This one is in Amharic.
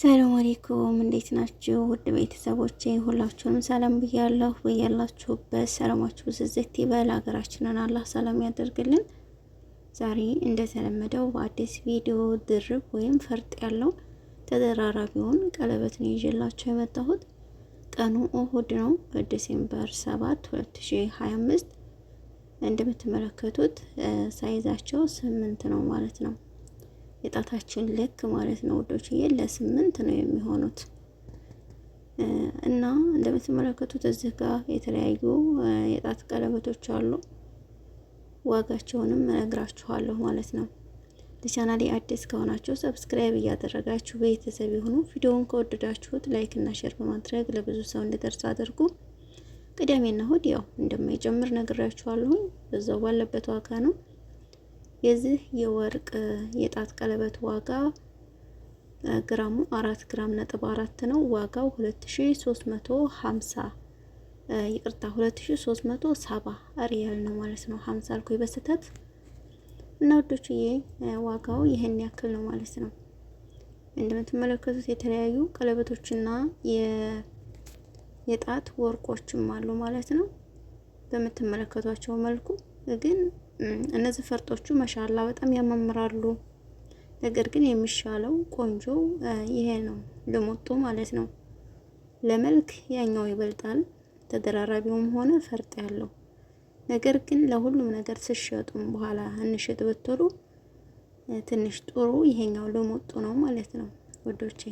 ሰላም አለይኩም እንዴት ናችሁ? ውድ ቤተሰቦቼ ሁላችሁንም ሰላም ብያለሁ። ብያላችሁበት ሰላማችሁ ብዝዝት ይበል። ሀገራችንን አላህ ሰላም ያደርግልን። ዛሬ እንደተለመደው በአዲስ ቪዲዮ ድርብ ወይም ፈርጥ ያለው ተደራራቢውን ቀለበት ነው ይዤላችሁ የመጣሁት። ቀኑ እሁድ ነው፣ ዲሴምበር 7 2025። እንደምትመለከቱት ሳይዛቸው ስምንት ነው ማለት ነው። የጣታችን ልክ ማለት ነው ውዶች፣ ለስምንት ነው የሚሆኑት እና እንደምትመለከቱት እዚህ ጋር የተለያዩ የጣት ቀለበቶች አሉ። ዋጋቸውንም እነግራችኋለሁ ማለት ነው። ለቻናሌ አዲስ ከሆናችሁ ሰብስክራይብ እያደረጋችሁ ቤተሰብ የሆኑ ቪዲዮውን ከወደዳችሁት ላይክ እና ሼር በማድረግ ለብዙ ሰው እንዲደርስ አድርጉ። ቅዳሜና እሁድ ያው እንደማይጨምር ነግራችኋለሁኝ። በዛው ባለበት ዋጋ ነው። የዚህ የወርቅ የጣት ቀለበት ዋጋ ግራሙ አራት ግራም ነጥብ አራት ነው። ዋጋው ሀምሳ ይቅርታ ሰባ ሪያል ነው ማለት ነው። ሀምሳ አልኩኝ በስተት እና ወዶችዬ ዋጋው ይህን ያክል ነው ማለት ነው። እንደምትመለከቱት የተለያዩ ቀለበቶችና የጣት ወርቆችም አሉ ማለት ነው። በምትመለከቷቸው መልኩ ግን እነዚህ ፈርጦቹ መሻላ በጣም ያማምራሉ። ነገር ግን የሚሻለው ቆንጆ ይሄ ነው ልሙጡ ማለት ነው። ለመልክ ያኛው ይበልጣል ተደራራቢውም ሆነ ፈርጥ ያለው። ነገር ግን ለሁሉም ነገር ስሸጡም በኋላ እንሽጥ ብትሉ ትንሽ ጥሩ ይሄኛው ልሙጡ ነው ማለት ነው ውዶቼ።